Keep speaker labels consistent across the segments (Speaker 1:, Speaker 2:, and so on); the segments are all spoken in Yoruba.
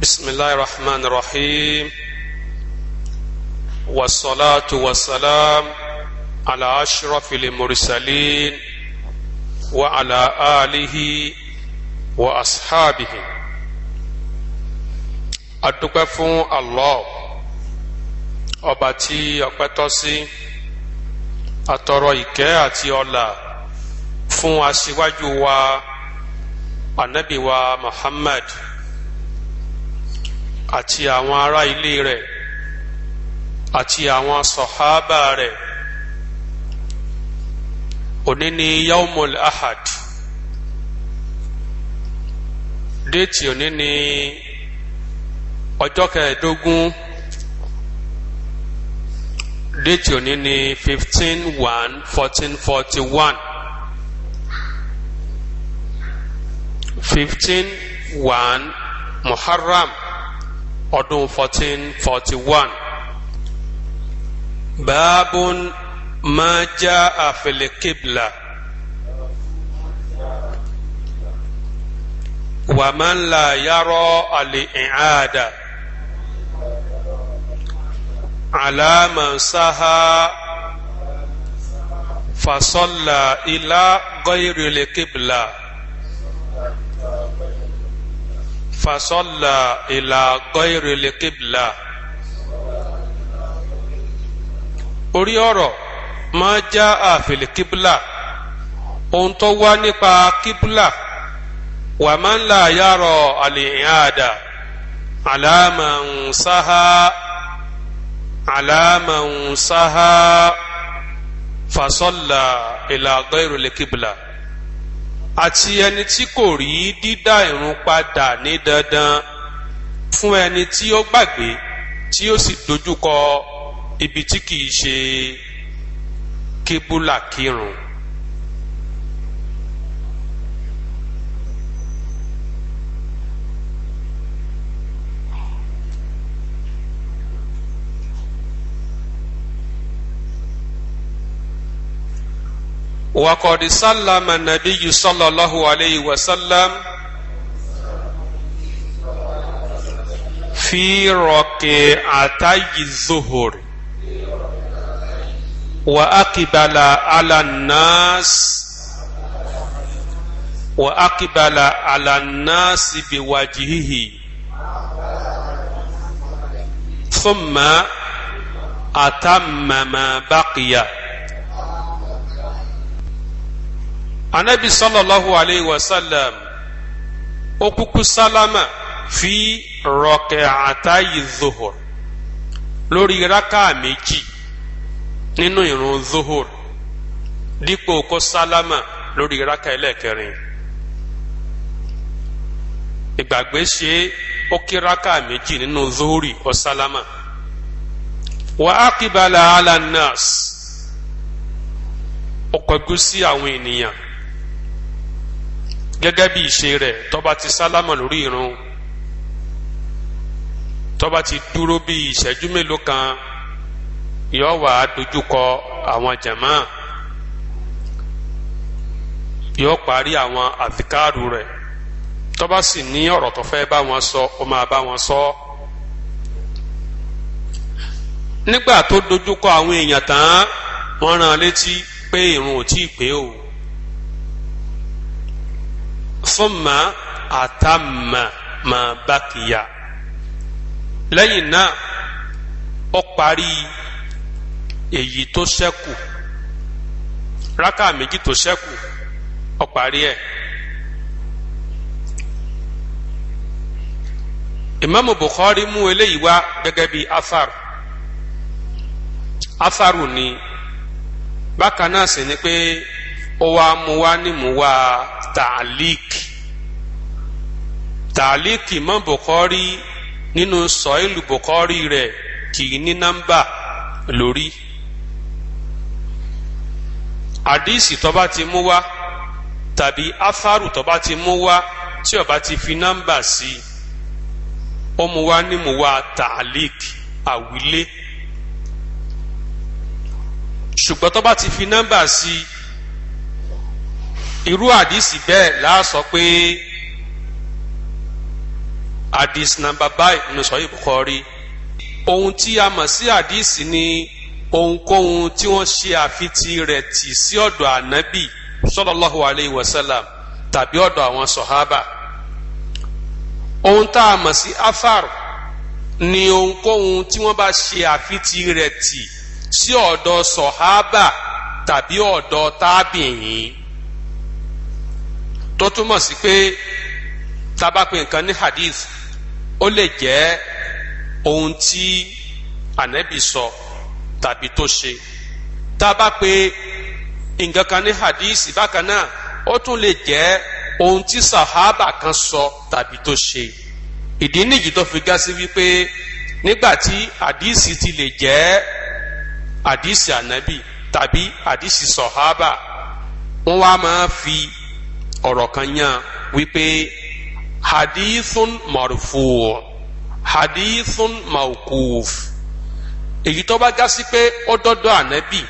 Speaker 1: بسم الله الرحمن الرحيم والصلاة والسلام على أشرف المرسلين وعلى آله وأصحابه adúpẹ́ fún Allah ọba tí ọpẹ́ tọ́ sí àtọrọ ìkẹ́ àti ọlà fún aṣíwájú wa anabi wa Muhammad àti àwọn ará ilé rẹ̀ àti àwọn sọ̀hábà rẹ̀ òní ni yaumul ahad déètì òní ni ọjọ́ kẹẹ̀ẹ́dógún déètì òní ni fifteen one fourteen forty one fifteen one muharram ọdún fourteen forty one baabun maja afilikibla waman la yarọ ali ìcaada calaaman saha fasọla ila gayrili kibla. فصلى إلى غير القبلة orí ọ̀rọ̀ máa já àfìlì kíbúlà ohun tó wá nípa kíbúlà wà máa ń là yàrá àlèyàdà àlàmà ń sáhá àlàmà ń sáhá fàṣọlà ìlàgọ́ ìrọ̀lẹ̀ kíbúlà àti ẹni tí kò rí dídá ìrun padà ní dandan fún ẹni tí ó gbàgbé tí ó sì dojúkọ ibi tí kìí ṣe kébùlà kírun. وقد سلم النبي صلى الله عليه وسلم في ركعتي الظهر وأقبل على الناس وأقبل على الناس بوجهه ثم أتم ما بقي anabi sallallahu alayhi wa sallam ó kúkú sálámà fi rọkẹ àtàyè zohor lórí raka méjì nínú ìrun zohor dípò kó sálámà lórí raka ẹlẹ́kẹrin ìgbàgbé ṣe ó kí raka méjì nínú zohori ó sálámà wà á kíbalà alanas ó kọjú àwọn ènìyàn gẹ́gẹ́ bí ìṣe rẹ̀ tó bá ti sálámà lórí irun tó bá ti dúró bí ìṣẹ́jú mélòó kan yóò wá dojúkọ àwọn jàmá yóò parí àwọn àfikáàrù rẹ̀ tó bá sì ní ọ̀rọ̀ tó fẹ́ bá wọn sọ ó máa bá wọn sọ nígbà tó dojúkọ àwọn èèyàn tán wọ́n rán an létí pé irun ò tí ì pé o summa atamma ma bakiya lẹ́yìn náà ó parí èyí tó ṣẹ́kù rákà méjì tó ṣẹ́kù ó parí ẹ̀. imaamu bukhari mú eléyìí wá gẹ́gẹ́ bí athar atharu ni bákan náà sì ni pé ó wá mú wá ní mú wá tàlík tàlík Imam Bukhari nínú sọ́ìlù Bukhari rẹ̀ kì í ní nọ́mbà lórí àdíìsì tó bá ti mú wá tàbí afárù tó bá ti mú wá tí ó bá ti fi nọ́mbà sí i ó mú wá ní mú wá tàlík àwílé ṣùgbọ́n tó bá ti fi nọ́mbà sí i irú àdìsí bẹ́ẹ̀ la sọ pé àdìsí nàmbà báyìí nínú sọ́yìn Bukhari ohun tí a mọ̀ sí àdìsí ni ohunkóhun tí wọ́n ṣe àfitì rẹ̀ tì sí ọ̀dọ̀ ànábì sallallahu alayhi wa sallam tàbí ọ̀dọ̀ àwọn sọ̀hábà ohun tá a mọ̀ sí afar ni ohunkóhun tí wọ́n bá ṣe àfitì rẹ̀ tì sí ọ̀dọ̀ sọ̀hábà tàbí ọ̀dọ̀ tábìyìn tó túmọ̀ sí pé tabapin nǹkan ní hadith ó lè jẹ́ ohun tí ànábì sọ tàbí tó ṣe tabape nǹkan kan ní hadith bákan náà ó tún lè jẹ́ ohun tí sahaba kan sọ tàbí tó ṣe ìdí nìyí tó fi gá sí wípé nígbà tí àdìsí ti lè jẹ́ àdìsí ànábì tàbí àdìsí sọ̀hábà wọ́n wá máa fi ọ̀rọ̀ kan yàn wípé hadithun marufu hadithun maukuf èyí tó bá gásí pé ó dọ́dọ̀ ànábì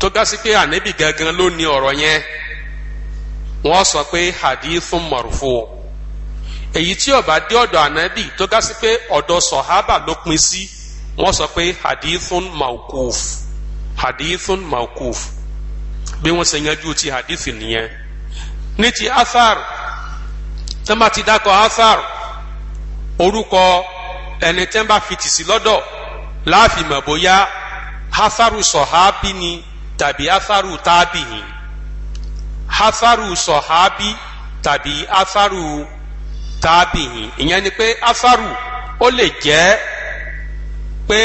Speaker 1: tó gásí pé ànábì gangan ló ní ọ̀rọ̀ yẹn wọ́n sọ pé hadithun marufu èyí tí ó bá dé ọdọ ànábì tó gásí pé ọ̀dọ̀ sọ̀hábà ló pin sí wọ́n sọ pé hadithun maukuf hadithun maukuf bí wọ́n ṣe yanjú ti hadithi nìyẹn. ní ti athar tẹ́mbà ti dákọ̀ athar orúkọ ẹni tẹ́mbà fìtì sí lọ́dọ̀ láàfin mọ̀ bóyá atharu sọ̀hábì ni tàbí atharu tábìyìn atharu sọ̀hábì tàbí atharu tábìyìn ìyẹn ni pé atharu ó lè jẹ́ pé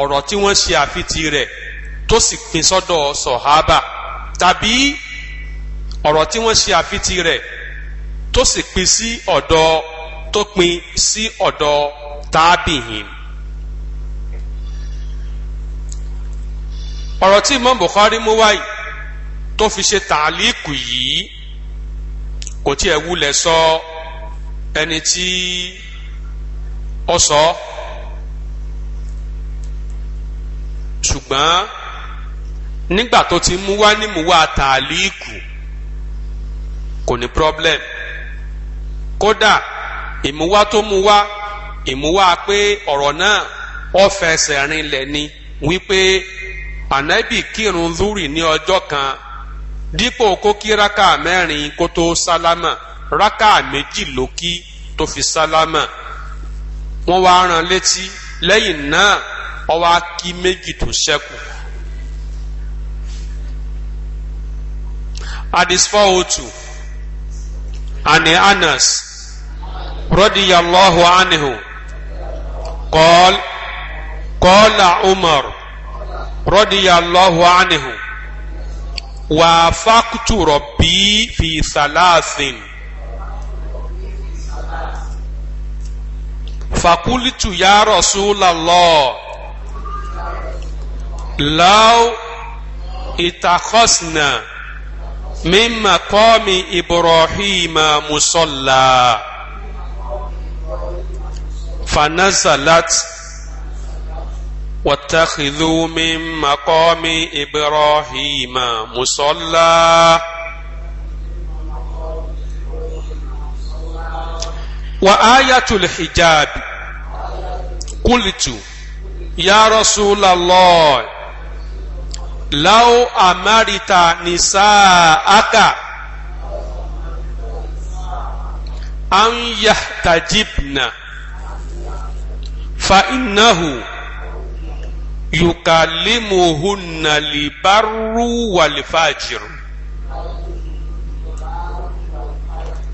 Speaker 1: ọ̀rọ̀ tí wọ́n ṣe àfitì rẹ̀ tó sì pin sọ́dọ̀ sọ̀hábà tàbí ọ̀rọ̀ tí wọ́n ṣe àfitì rẹ̀ tó sì pin sí ọ̀dọ̀ tó pin sí ọ̀dọ̀ tábìhìn. ọ̀rọ̀ tí Imam Bukhari mú wáyé tó fi ṣe tàlíkù yìí kò tiẹ̀ wulẹ̀ sọ ẹni tí ó sọ ṣùgbọ́n nígbà tó ti mú wá ní mú wá tàlíkù kò ní problem kódà ìmúwá tó mú wá ìmúwá pé ọ̀rọ̀ náà ó fẹsẹ̀ rinlẹ̀ ni wípé ànábì kírun zúrì ní ọjọ́ kan dípò kó kí rákà mẹ́rin kó tó sálámà rákà méjì ló kí tó fi sálámà wọ́n wá rán létí lẹ́yìn náà ó wá méjì tó ṣẹ́kù. Hadis 402 عن أنس رضي الله عنه قال قال عمر رضي الله عنه وافقت ربي في ثلاث فقلت يا رسول الله لو اتخذنا من مقام إبراهيم مصلى فنزلت واتخذوا من مقام إبراهيم مصلى وآية الحجاب قلت يا رسول الله لو أمرت نساءك أن يحتجبن فإنه يكلمهن لبر والفاجر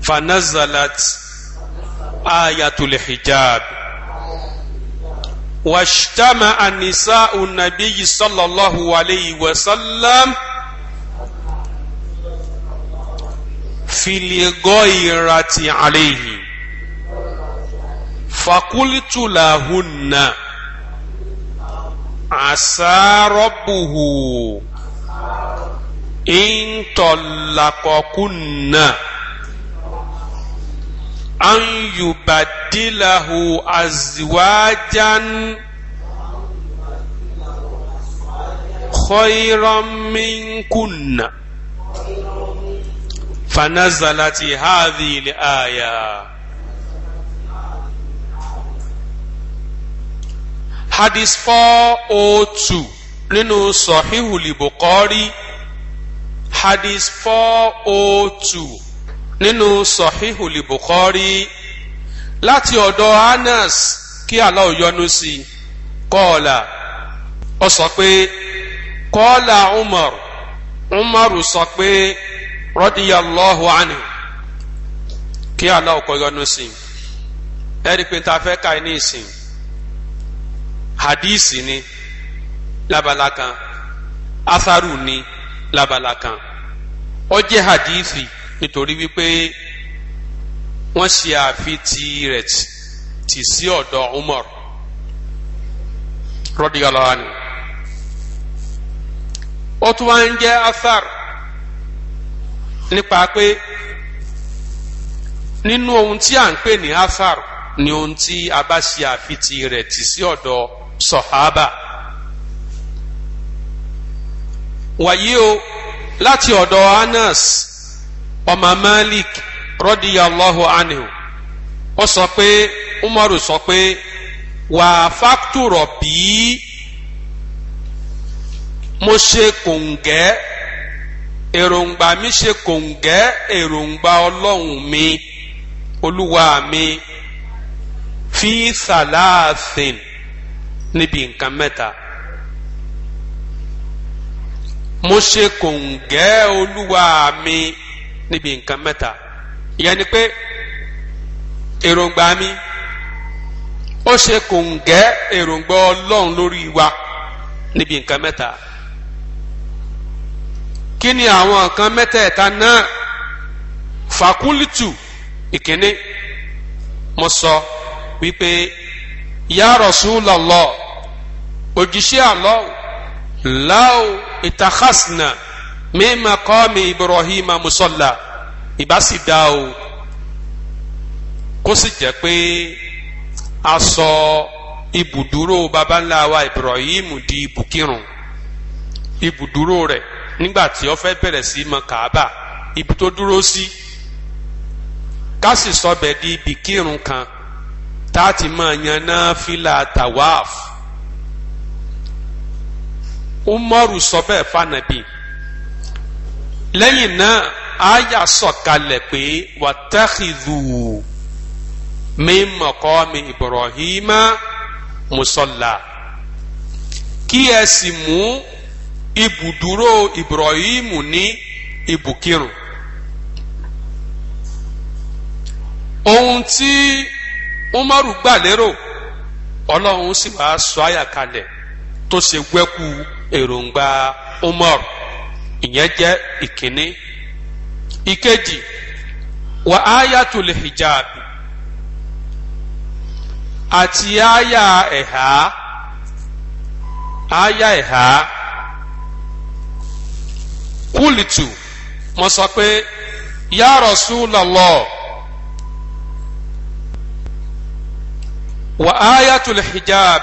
Speaker 1: فنزلت آية الحجاب واجتمع نساء النبي صلى الله عليه وسلم في الغيرة عليه فقلت لهن عسى ربه إن طلقكن an yubadilahu azwajan khayran minkunna fanazalati hadhihi al-aya hadith 402 nínú sahihul bukhari hadith 402 nínú sọ̀híhù li Bukhari láti ọ̀dọ̀ Anas kí Allah yọ́nú sí i kọ́ọ̀là ó sọ pé kọ́ọ̀là Umar Umar sọ pé radiyallahu anhu kí Allah kó yọ́nú sí i ta fẹ́ ka ní ìsìn hadíìsì ni labala asaru ni labala kan ó nítorí wípé wọ́n ṣe àfi ti rẹ̀ tì sí ọ̀dọ̀ Umar radiyallahu anhu ó tún wá ń jẹ́ athar nípa pé nínú ohun tí à ń pè ní athar ni ohun tí a bá ṣe àfitì rẹ̀ tì sí ọ̀dọ̀ sọ̀hábà wàyí o láti ọ̀dọ̀ Anas ọmọ Malik radiyallahu anhu ọ sọ pé Umaru sọ pé wà á fàkútùrọ̀ bí mo ṣe kòǹgẹ́ èròǹgbà mi ṣe kòǹgẹ́ èròǹgbà ọlọ́run mi olúwa mi fi salasin níbi nǹkan mẹ́ta mo ṣe kòǹgẹ́ olúwa mi. níbi nǹkan mẹ́ta ìyẹn ni pé èròǹgbà mi ó ṣe kò ń gẹ́ èròǹgbà ọlọ́run lórí wa níbi nǹkan mẹ́ta kí ni àwọn nǹkan mẹ́tẹ̀ẹ̀ta náà fàkúlìtù ìkíní mo sọ wípé ya Rasulullah òjíṣẹ́ àlọ́ láò ìtàkàsínà. min maqami ibrahima musalla ìbá si dá o kó sì a ibùdúró babalawa wa ibrahim di ibukirun ibùdúró rẹ̀ nígbà tí ó fẹ́ bẹ̀rẹ̀ sí mọ duro ibi tó dúró sí di ibikirun kan tá maa ti na yan tawaf umaru sọ fanabi. lẹ́yìn náà àyà sọ̀kalẹ̀ pé wàtàkìlù mi mọ̀kọ́ mi Ibrahima musọ́là kí ẹ sì mú ibùdúró Ibrahimu ní ibùkírùn. ohun tí Umaru gbà lérò Ọlọ́run sì wá sọ àyà kalẹ̀ tó ṣe gbẹ́kú èròǹgbà Umaru ìyẹn jẹ́ ìkíní ìkejì wà áyàtul hijab àti áyà ẹ̀há áyà ẹ̀há kúlìtù mo sọ pé ya Rasulullah wà áyàtul hijab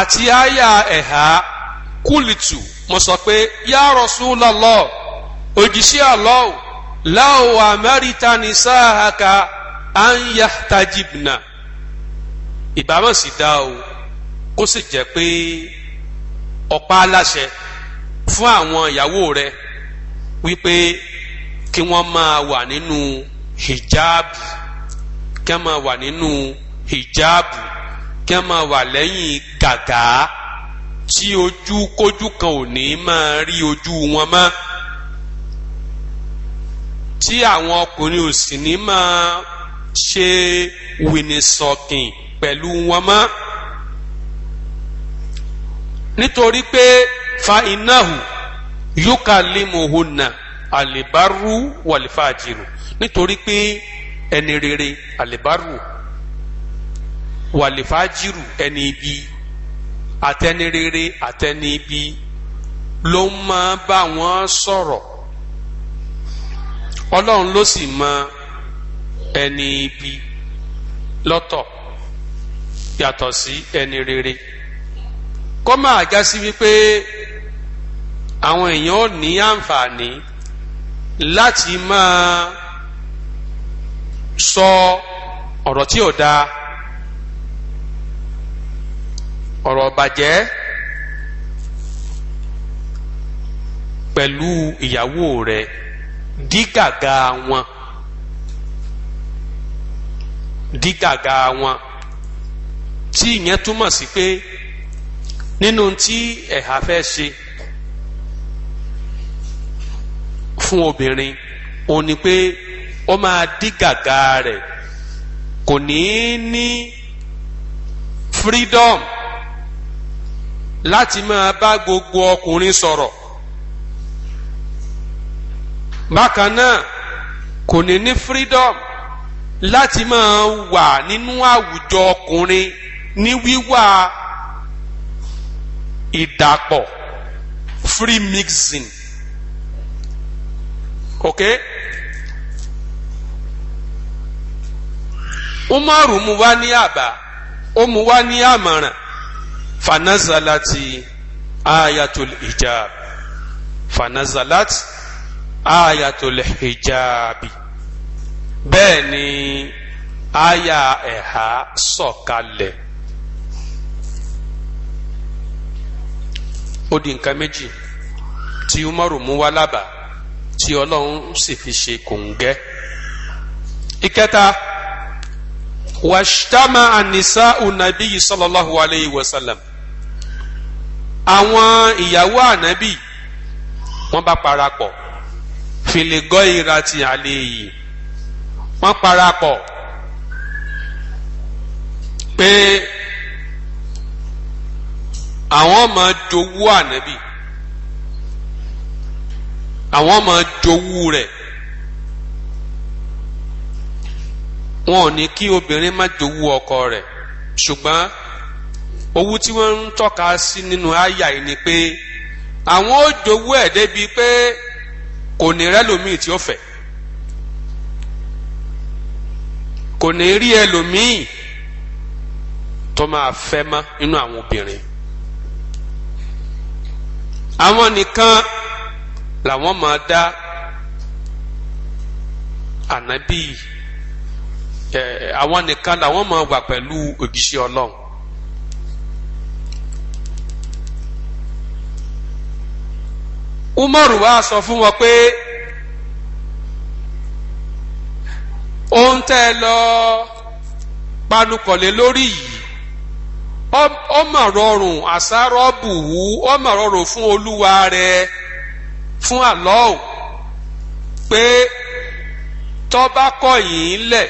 Speaker 1: àti áyà ẹ̀há. Kulitu mo sọ pé ya Rasulullah òjíṣẹ́ Allah láwo amẹ́ríta ní sáàhàkà à ń yá tajibna ìbámu sì dá o kó sì jẹ́ pé ọ̀pá aláṣẹ fún àwọn ìyàwó rẹ̀ wípé kí wọ́n máa wà nínú hijabu kí wọ́n máa wà nínú hijabu kí wọ́n máa wà lẹ́yìn gàgà tí ojú kójú kan ò ní máa rí ojú wọn mọ́ tí àwọn ọkùnrin ò sì ní máa ṣe wìnìsọ̀kìn pẹ̀lú wọn mọ́ nítorí pé fa ináhù yukalimuhunna alibaru walifajiru nítorí pé ẹni rere alibaru walifajiru ẹni ibi àtẹni rere àtẹni ibi ló ń máa bá wọn sọ̀rọ̀ ọlọ́run ló sì mọ ẹni ibi lọ́tọ̀ yàtọ̀ sí ẹni rere kó máa já sí wípé àwọn èèyàn ò ní àǹfààní láti máa sọ ọ̀rọ̀ tí ò dáa ọ̀rọ̀ bàjẹ́ pẹ̀lú ìyàwó rẹ̀ dí gàgà wọn dí gàgà wọn tí ìyẹn túmọ̀ sí pé nínú tí ẹ̀hà fẹ́ ṣe fún obìnrin ó ní pé ó máa dí rẹ̀ kò ní ní freedom láti máa bá gbogbo ọkùnrin sọ̀rọ̀ bákan náà kò ní ní freedom láti máa wà nínú àwùjọ ọkùnrin ní wíwá ìdàpọ̀ free mixing ok umaru mu wá ní àbá ó mu wá ní àmọ̀ràn fanazalati ayatul hijab fanazalat ayatul hijabi bẹ́ẹ̀ ni aya ẹ̀há sọ̀kalẹ̀ ó di nǹkan méjì tí umaru mú wá lába tí ọlọ́run sì fi ṣe kòǹgẹ́ ìkẹta wàṣítàmà ànísà unabi sallallahu alayhi wa sallam àwọn ìyàwó ànábì wọ́n bá parapọ̀ filigọ́ ìra ti àlè yìí wọ́n parapọ̀ pé àwọn máa jowú ànábì àwọn máa jowú rẹ̀ wọn ò ní kí obìnrin má jowú ọkọ rẹ̀ ṣùgbọ́n owó tí wọ́n ń tọ́ka sí nínú àyà yìí ni pé àwọn ó jowó ẹ̀ débi pé kò ní rẹ́lòmíì tí ó fẹ́ kò ní rí ẹlòmíì tó máa fẹ́ mọ́ nínú àwọn obìnrin àwọn nìkan làwọn máa dá ànábì àwọn nìkan làwọn máa wà pẹ̀lú òjíṣẹ́ ọlọ́run Umaru wa sọ fún wọn pé ohun tẹ́ ẹ lọ panukọ̀lé lórí yìí ọmọ rọrùn àsárọ́ bùhú ọmọ rọrùn fún olúwa rẹ fún àlọ́ọ̀ pé tọ́ba kọ̀ yín lẹ̀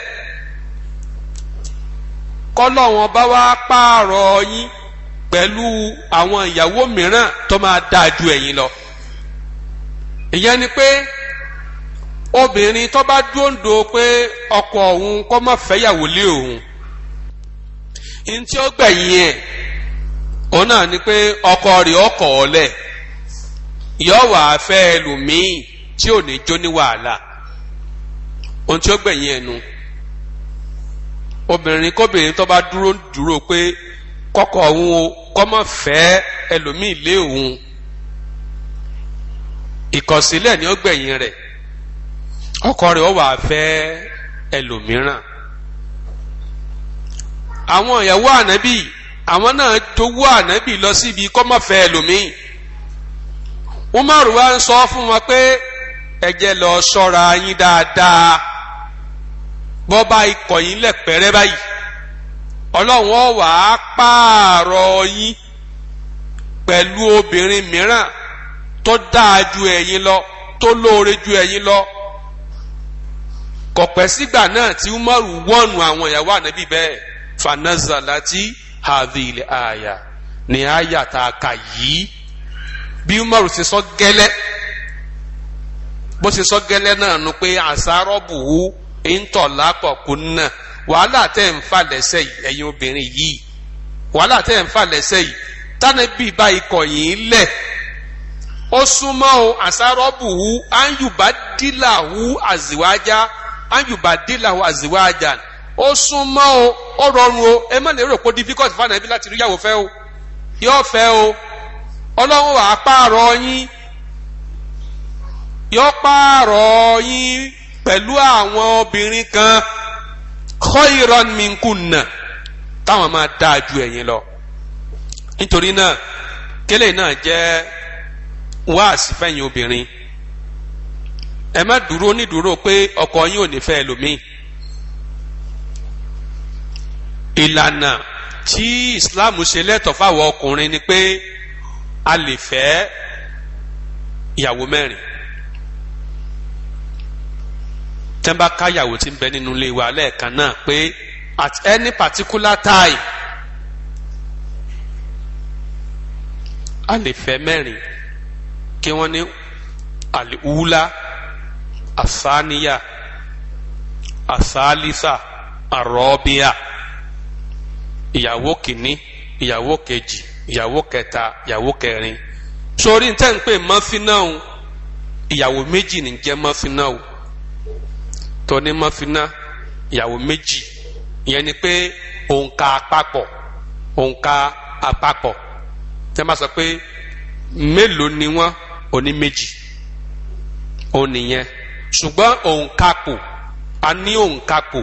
Speaker 1: kọ́lọ́wọ́n bá wá pààrọ̀ yín pẹ̀lú àwọn ìyàwó mìíràn tó máa dáa ju ẹ̀yin lọ. ìyẹn ni pé obìnrin tó bá dúndò pé ọkọ òun kó má fẹ́yàwó lé òun ní tí ó gbẹ̀yìn ẹ̀ òun náà ni pé ọkọ rẹ̀ ọkọ̀ ọ̀lẹ̀ yọ wà fẹ́ ẹlòmíì tí ò ní jó ní wàhálà ohun tí ó gbẹ̀yìn ẹ̀ nu obìnrin kóbìnrin tó bá dúró dúró pé kọ́kọ́ òun kó má fẹ́ ẹlòmíì lé òun. ìkọsílẹ̀ ni ó gbẹ̀yìn rẹ̀ ọkọ rẹ̀ ó wà fẹ́ ẹlòmíràn àwọn ìyàwó ànábì àwọn náà jowó ànábì lọ síbi kọ́mọ̀fẹ́ ẹlòmíì umaru wa ń sọ fún wọn pé ẹ lọ ṣọ́ra yín dáadáa ikọ̀ yín báyìí ọlọ́run wá pààrọ̀ yín pẹ̀lú obìnrin mìíràn tó dáa ju ẹ̀yin lọ tó lóore ju ẹ̀yin lọ kọ̀pẹ́ sígbà náà tí umaru wọ́ọ̀nù àwọn ìyàwó ànábì bẹ́ẹ̀ fanazalati hadhil aya ni aya tá a kà yìí bí umaru ṣe sọ gẹ́lẹ́ bó ṣe sọ gẹ́lẹ́ náà nu pé àṣàrọ́bù ńtọ̀lá kọ̀kún náà wàhálà tẹ̀ ń fà lẹ́sẹ̀ yìí ẹ̀yin obìnrin yìí wàhálà tẹ̀ ń fà lẹ́sẹ̀ yìí tánàbí bá ikọ̀ yìí lẹ̀ ó súnmọ́ òun àsárọ́bùhù áyùbádìláhù àzìwájá áyùbádìláhù àzìwájá ó súnmọ́ òun ó rọrùn o ẹ má lè rò pé difficult fún ànábì láti rí ìyàwó fẹ́ o yóò fẹ́ o ọlọ́run wàá pààrọ̀ yín yóò pààrọ̀ yín pẹ̀lú àwọn obìnrin kan khayran minkunna táwọn máa dáa ju ẹ̀yin lọ nítorí náà kélé náà jẹ́ wáàsí fẹ̀yìn obìnrin ẹ má dúró nídúró pé ọkọ yín ò ní fẹ́ ẹlòmíì ìlànà tí Islam ṣe lẹ́tọ̀ọ́ fáwọn ọkùnrin ni pé a lè fẹ́ ìyàwó mẹ́rin tẹ́ńbà káyàwó ti ń bẹ nínú ilé wa lẹ́ẹ̀kan náà pé at any particular time a lè fẹ́ mẹ́rin kí wọ́n ní aliwula asaniya asalisa arọ́bíà ìyàwó kìíní ìyàwó kejì ìyàwó kẹta ìyàwó kẹrin sórí ní tẹ́ǹpé mọ́fínáù ìyàwó méjì ní jẹ́ mọ́fínáù tó ní mọ́fíná ìyàwó méjì ìyẹn ni pé òǹkà àpapọ̀ òǹkà àpapọ̀ tẹ́ máa sọ pé mélòó ni wọ́n Oni meji oni nìyẹn ṣùgbọ́n òǹkapò a ní òǹkapò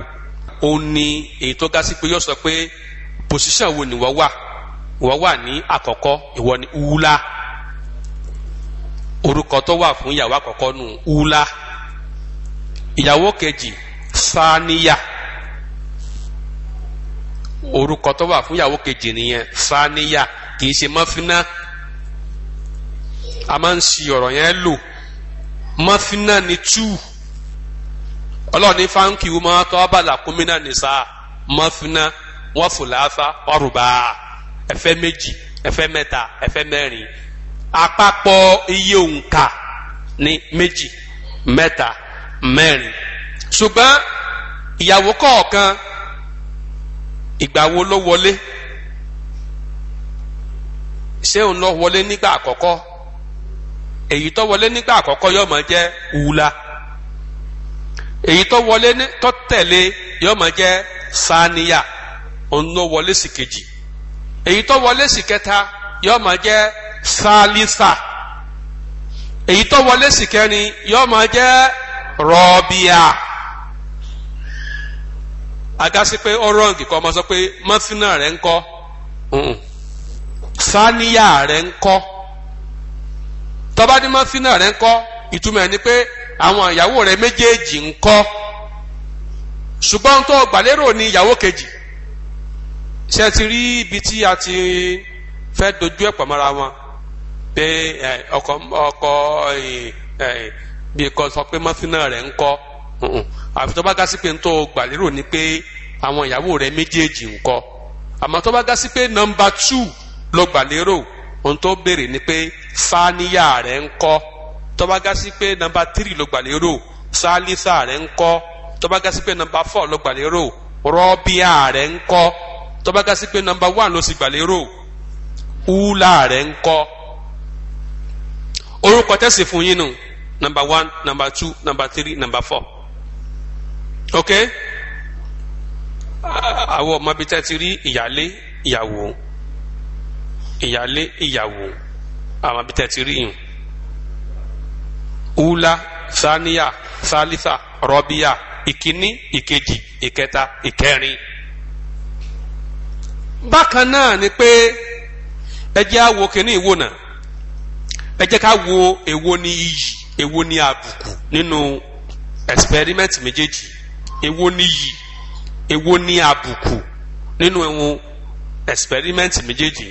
Speaker 1: òun ni èyí tó ga sí pé yóò sọ pé position wo ni wọ́n wà wọ́n wà ní àkọ́kọ́ ìwọ ni wúlá orúkọ tó wà fún ìyàwó àkọ́kọ́ nù wúlá ìyàwó kejì sáníyà orúkọ tó wà fún ìyàwó kejì nìyẹn sáníyà kì í ṣe mọ́fínà. a máa ń ṣi ọ̀rọ̀ yẹn lò mọ́fínà ní two ọlọ́ọ̀ni fáńkì wọ́n máa tọ́ abàlà kúmínà ní sáà mọ́fínà wọ́n fòláfà ọ̀rùbá ẹ̀fẹ́ méjì ẹ̀fẹ́ mẹ́ta ẹ̀fẹ́ mẹ́rin àpapọ̀ iye òǹkà ni méjì mẹ́ta mẹ́rin ṣùgbọ́n ìyàwó kọ̀ọ̀kan ìgbà wo ló wọlé ṣé òun lọ wọlé nígbà àkọ́kọ́ èyí tó wọlé nígbà àkọ́kọ́ yóò máa jẹ́ ula èyí tó wọlé tó tẹ̀lé yóò máa jẹ́ saniya òun ló wọlé sí kejì èyí tó wọlé sí kẹta yóò máa jẹ́ salisa èyí tó wọlé sí kẹrin yóò máa jẹ́ rọ́bìà agasi pé ó rọ́ǹgì kọ́ ọ sọ pé mọ́fínà rẹ̀ ń kọ́ saniya rẹ̀ ń kọ́ tọ́ba ní mọ́sínà rẹ̀ ń kọ́ ìtumọ̀ ẹ̀ ni pé àwọn ìyàwó rẹ̀ méjèèjì ń kọ́ ṣùgbọ́n tó gbàlérò ni ìyàwó kejì ṣe ti rí ibi tí a ti fẹ́ dojú ẹ̀pọ̀ mọ́ra wọn pé ọkọ ọkọ bí kò sọ pé mọ́sínà rẹ̀ ń kọ́ àfi tó bá gá sí pé tó gbàlérò ni pé àwọn ìyàwó rẹ̀ méjèèjì ń kọ́ àmọ́ tó bá gá sí pé nọ́mbà two ló gbàlérò. ohun tó béèrè ni pé sáníyà rẹ̀ ń kọ́ tọ́bágásí pé nọ́mbà tírì ló gbàlérò sálísà rẹ̀ ń tọba gasi pé nọ́mbà fọ́ ló gbàlérò rọ́bíà rẹ̀ ń kọ́ tọ́bágásí pé nọ́mbà wán ló sì gbàlérò húlà rẹ̀ ń kọ́ orúkọ tẹ́sí fún yín nù namba wán namba tú namba tírì nọ́mbà fọ́ ok àwọn ọmọ bíi ti rí ìyálé ìyàwó. ìyálé ìyàwó àwọn abitẹ ti rí yìí wúlá sáníyà sálísà rọbíyà ìkíní ìkejì ìkẹta ìkẹrin bákan náà ni pé ẹ jẹ́ àwo kìíní ìwò náà ẹ jẹ́ ká wo èwo ni iyì èwo ni àbùkù nínú experiment méjèèjì èwo ni iyì èwo ni àbùkù nínú ẹ̀wọ̀n experiment méjèèjì